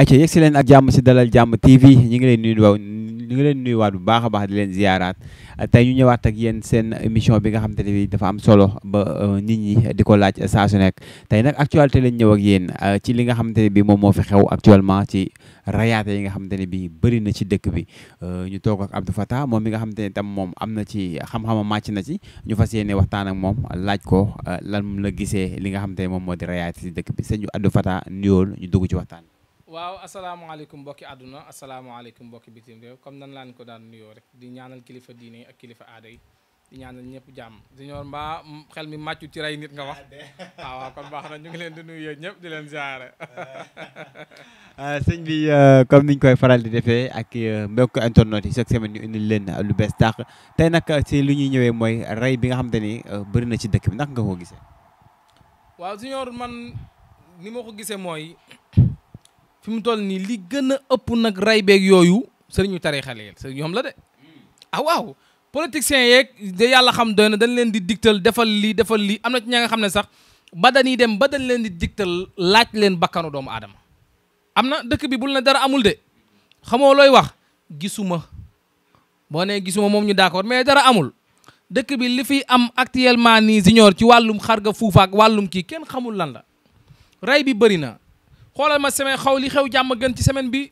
ayca yegg leen ak jàmm si dalal jàmm TV ñu ngi leen nuyu waaw ñu ngi leen nuyuwaat bu baax a baax di leen ziyaaraat tey ñu ñëwaat ak yéen seen émission bi nga xam te ne bi dafa am solo ba euh, nit ñi di ko laaj saa su nekk tey nag actualité lañ ñëw ak yéen euh, ci li nga xam ne bi moom moo fi xew actuellement ci rayaate yi nga xam te ne bi bëri na ci dëkk bi euh, ñu toog ak Abdou Fatah moom mi nga xam te ne tam moom am na ci xam-xama màcc na ci ñu fas yéene waxtaan ak moom laaj ko lan la gisee li nga xam te ne moom moo di rayaate ci dëkk bi sëñ Abdou Fatah nuyool ñu dugg ci waxtaan waaw asalaamaaleykum mbokki àdduna asalaamaaleykum mbokki bitim réew comme nan laan ko daan nuyoo rek di ñaanal kilifa diine ak kilifa aada yi di ñaanal ñëpp jàmm di ñor mbaa xel mi màccu ci rey nit nga wax waaw ah, waaw kon baax na ñu ngi leen di nuyu ñëpp di leen ziare. Ah, sëñ bi euh, comme niñ koy faral di defee ak euh, mbokk internet yi chaque semaine ñu indil leen euh, lu bees tàq te nag ci lu ñuy ñëwee mooy rey bi nga xamante ni bëri na ci dëkk bi nga ko gisee. waaw si man ni ma ko gisee mooy. mu toll nii li gën a ëpp nag ray beek yooyu sëriñu tariixa yi sëriñ ñoom la de hmm. ah waaw politiciens yeeg da yàlla xam doy na dañ leen di digtal defal lii defal lii am na ña nga xam ne sax ba dañuy dem ba dañ leen di digtal laaj leen bakkanu doomu aadama am na dëkk bi bul na dara amul de xamoo looy wax gisuma boo nee gisuma moom ñu d'accord mais dara amul dëkk bi li fi am actuellement nii junior ci wàllum xarga fuufa ak wàllum kii kenn xamul lan la ray bi bëri na xoolal ma semaine xaw li xew jàmm gën ci semaine bi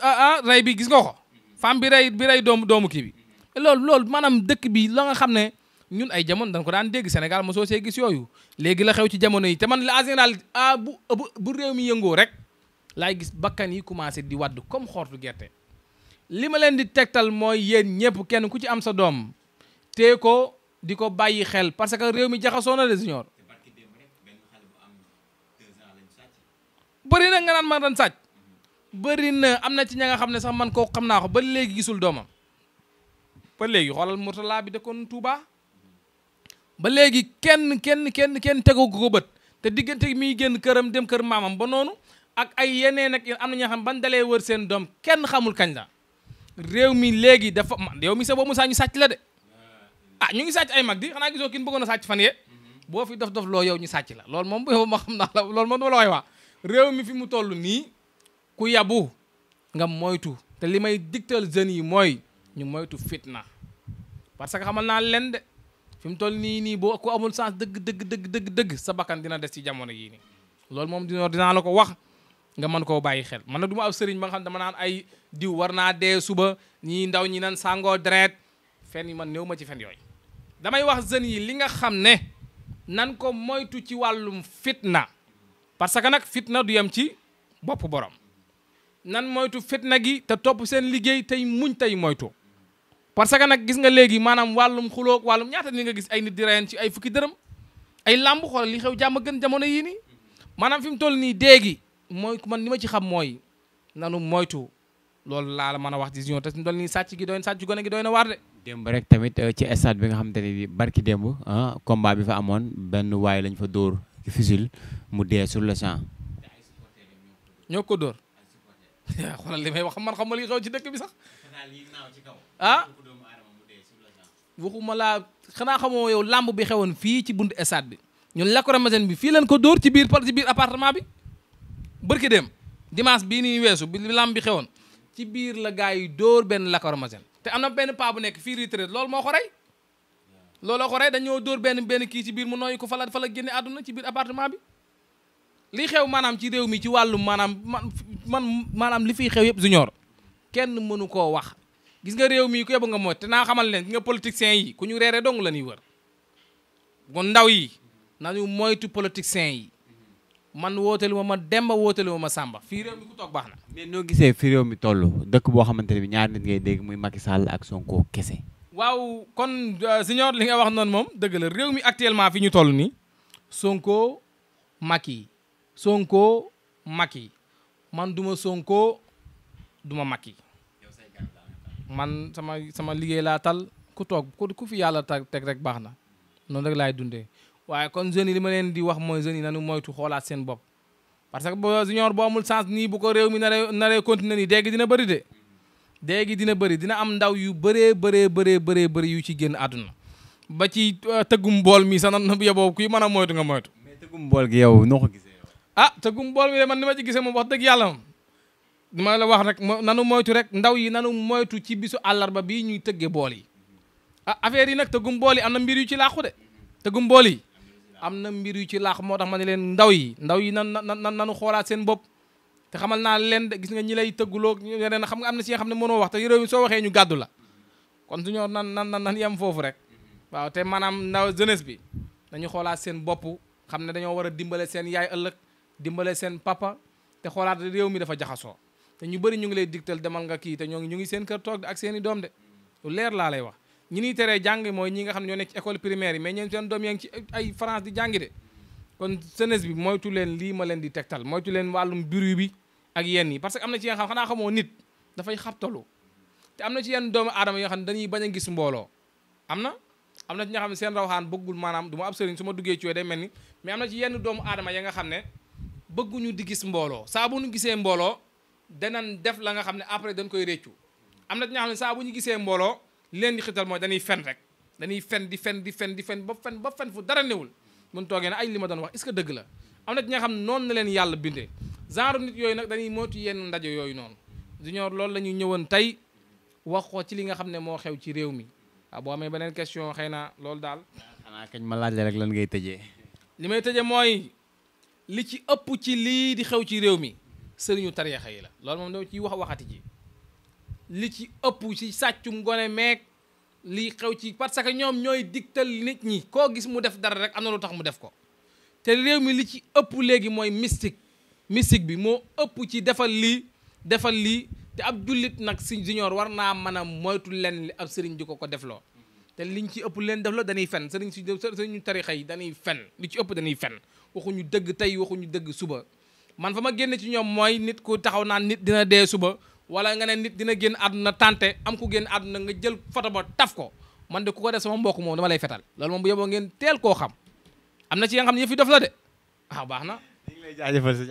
ah, ah bi gis nga ko femme bi rey bi rey doomu doomu kii bi lool loolu maanaam dëkk bi la nga xam ne ñun ay jamono dañ ko daan dégg Sénégal mosoo see gis yooyu léegi la xew ci jamono yi te man la en ah, bu bu réew mi yëngoo rek laay gis bakkan yi commencé di wadd comme xortu gerte li ma leen di tegtal mooy yéen ñëpp kenn ku ci am sa doom te ko di ko bàyyi xel parce que réew mi jaxasoo na de bëri na nga naan man ran sàcc bëri na am na ci ña nga xam ne sax man koo xam naa ko ba léegi gisul doomam ba léegi xoolal Mourtala bi dëkkoon Touba ba léegi kenn kenn kenn kenn tegu ko bët te diggante mi génn këram dem kër maamam ba noonu ak ay yeneen ak am na ñoo xam ban dalee wër seen doom kenn xamul kañ la réew mi léegi dafa réew mi sa boobu saa ñu sàcc la de ah ñu ngi sàcc ay mag di xanaa gisoo kin bëggoon a sàcc fan yee mm-hmm. boo fi dof dof loo yow ñu sàcc la loolu moom yow ma xam naa la loolu moom dama la way réew mi fi mu toll nii ku yabu nga moytu te li may digtal jeunes yi mooy ñu moytu fitna parce que xamal naa leen de fi mu toll nii nii boo ko amul sens dëgg dëgg dëgg dëgg sa bakkan dina des ci jamono yii nii loolu moom dina dinaa la ko wax nga mën koo bàyyi xel man na du ma sëriñ ba nga xam dama naan ay diw war naa dee suba ñii ndaw ñi naan sàngoo deret fen yi man néew ma ci fen yooyu damay wax jeunes yi li nga xam ne nan ko moytu ci wàllum fitna parce que nag fitna du yem ci bopp borom nan moytu fitna gi te topp seen liggéey tey muñ tey moytu parce que nag gis nga léegi maanaam wàllum xulóog wàllum ñaata ni nga gis ay nit di reyeen ci ay fukki dërëm ay làmb xool li xew jàmm gën jamono yii nii maanaam fi mu toll nii déegi mooy man ni ma ci xam mooy nanu moytu loolu laal la mën a wax ci union te suñu sàcc gi doy na sàcc gone gi doy na waar de. démb rek tamit euh, ci stade bi nga xamante ne bii barki demb ah combat bi fa amoon benn waay lañ fa dóor fusil mu dee sur le champ. ñoo ko dóor xoolal li may wax man xam nga li xew ci dëkk bi sax ah waxuma laa xanaa xamoo yow làmb bi xewoon fii ci buntu estade bi ñun la ko bi fii leen ko dóor ci biir par ci biir appartement bi bërki dem dimanche bii nii weesu bi làmb bi xewoon ci biir la gars yi dóor benn la te am na benn paa bu nekk fii retraite lool moo ko rey looloo ko rey dañoo dóor benn benn kii ci biir mu nooyu ko fa la fa la génne àdduna ci biir appartement bi li xew maanaam ci réew mi ci wàllu maanaam man maanaam li fiy xew yëpp junior kenn mënu koo wax gis nga réew mi ku yóbbu nga mooy te naa xamal leen nga politiciens yi ku ñu reeree dong la ñuy wër kon ndaw yi nañu moytu politiciens yi man wooteelu ma ma Demba wooteelu ma ma sàmba fii réew mi ku toog baax na. mais noo gisee fii réew mi toll dëkk boo xamante ne bi ñaar nit ngay dégg muy Macky Sall ak Sonko kese. waaw kon euh, junior li nga wax noonu moom dëgg la réew mi actuellement fi ñu toll nii Sonko Macky. Sonko Macky man duma Sonko duma Macky man sama sama liggéey laa tal ku toog ku fi yàlla teg rek baax na noonu rek laay dundee waaye kon jeunes yi li ma leen di wax mooy jeunes yi nanu moytu xoolaat seen bopp parce que bo junior boo amul nii bu ko réew mi naree naree continuer nii dégg dina bëri de dégg dina bëri dina am ndaw yu bëree bëree bëree bëree bëri yu ci génn àdduna ba ci euh, tëggum bool mi sax nan yoboo kuy mën a moytu nga moytu ah te gum bool mi man ni ma ci gisee moom wax dëgg yàlla moom dama la wax rek nanu moytu rek ndaw yi nanu moytu ci bisu ba bii ñuy tëggee bool yi ah affaire yi nag te gum bool yi am na mbir yu ci laaxu de te gum yi am na mbir yu ci laax moo tax ma ne leen ndaw yi ndaw yi nan nan nanu xoolaat seen bopp te xamal naa leen de gis nga ñi lay tëgguloo yeneen xam nga am na si nga xam ne mënoo wax te réew mi soo waxee ñu gàddu la kon suñoo nan nan nan nan yem foofu rek waaw te maanaam ndaw jeunesse bi dañu xoolaat seen bopp xam ne dañoo war a dimbale seen yaay ëllëg dimbale seen papa te xoolaat réew mi dafa jaxasoo te ñu bëri ñu ngi lay digtal demal nga kii te ñoo ngi ñu ngi seen kër toog ak seen doom de lu leer laa lay wax ñi niy teree jàng mooy ñi nga xam ne ñoo nekk école primaire yi mais ñeen seen doom yaa ngi ci ay France kon jeunesse bi moytu leen lii ma leen di tegtal moytu leen wàllum bruit bi ak yenn yi parce que am na ci nga xanaa xamoo nit dafay xabtalu te am na ci yenn doomu aadama yoo xam ne dañuy bañ a gis mbooloo am na am na ci nga xam ne seen rawxaan bëggul su ma duggee ci yooyu day ni mais na ci yenn doomu aadama ya nga xam ne bëgguñu di gis mbooloo saa bu gisee mbooloo danañ def la nga xam ne après dañ koy réccu am na ñoo xam ne saa bu ñu gisee mbooloo leen di xital mooy dañuy fen rek dañuy fen di fen di fen di fen ba fen ba fen fu dara newul mun toogee ne ay li ma doon wax est que dëgg la am na ñi nga xam noon na leen yàlla bindee genre nit yooyu nag dañuy moytu yenn ndaje yooyu noonu junior loolu la ñuy ñëwoon tey wax ko ci li nga xam ne moo xew ci réew mi waaw ah, boo amee beneen question xëy na loolu daal xanaa kañ ma laaj la rek lan ngay tëjee may tëjee li ci ëpp ci lii di xew ci réew mi sëriñu tariixa yi la loolu moom dama ciy wax waxati ji li ci ëpp ci sàccum gone meeg lii xew ci parce que ñoom ñooy digtal nit ñi koo gis mu def dara rek am na lu tax mu def ko te réew mi li ci ëpp léegi mooy mystique mystique bi moo ëpp ci defal lii defal lii te ab jullit nag si junior war naa mën a moytu leen li ab sëriñ di ko ko defloo te li ñu ci ëpp leen defloo dañuy fen sëriñ si sëriñu tarixa yi dañuy fen li ci ëpp dañuy fen waxuñu dëgg tey waxuñu dëgg suba man fa ma génn ci ñoom mooy nit ku taxaw naan nit dina dee suba wala nga ne nit dina génn àdduna tante am ku génn àdduna nga jël foto ba taf ko man de ku ko def sama mbokk moom dama lay fetal loolu moom bu yeboo ngeen teel koo xam am na ci ya nga xam ne yëf yi la de waaw ah, baax na.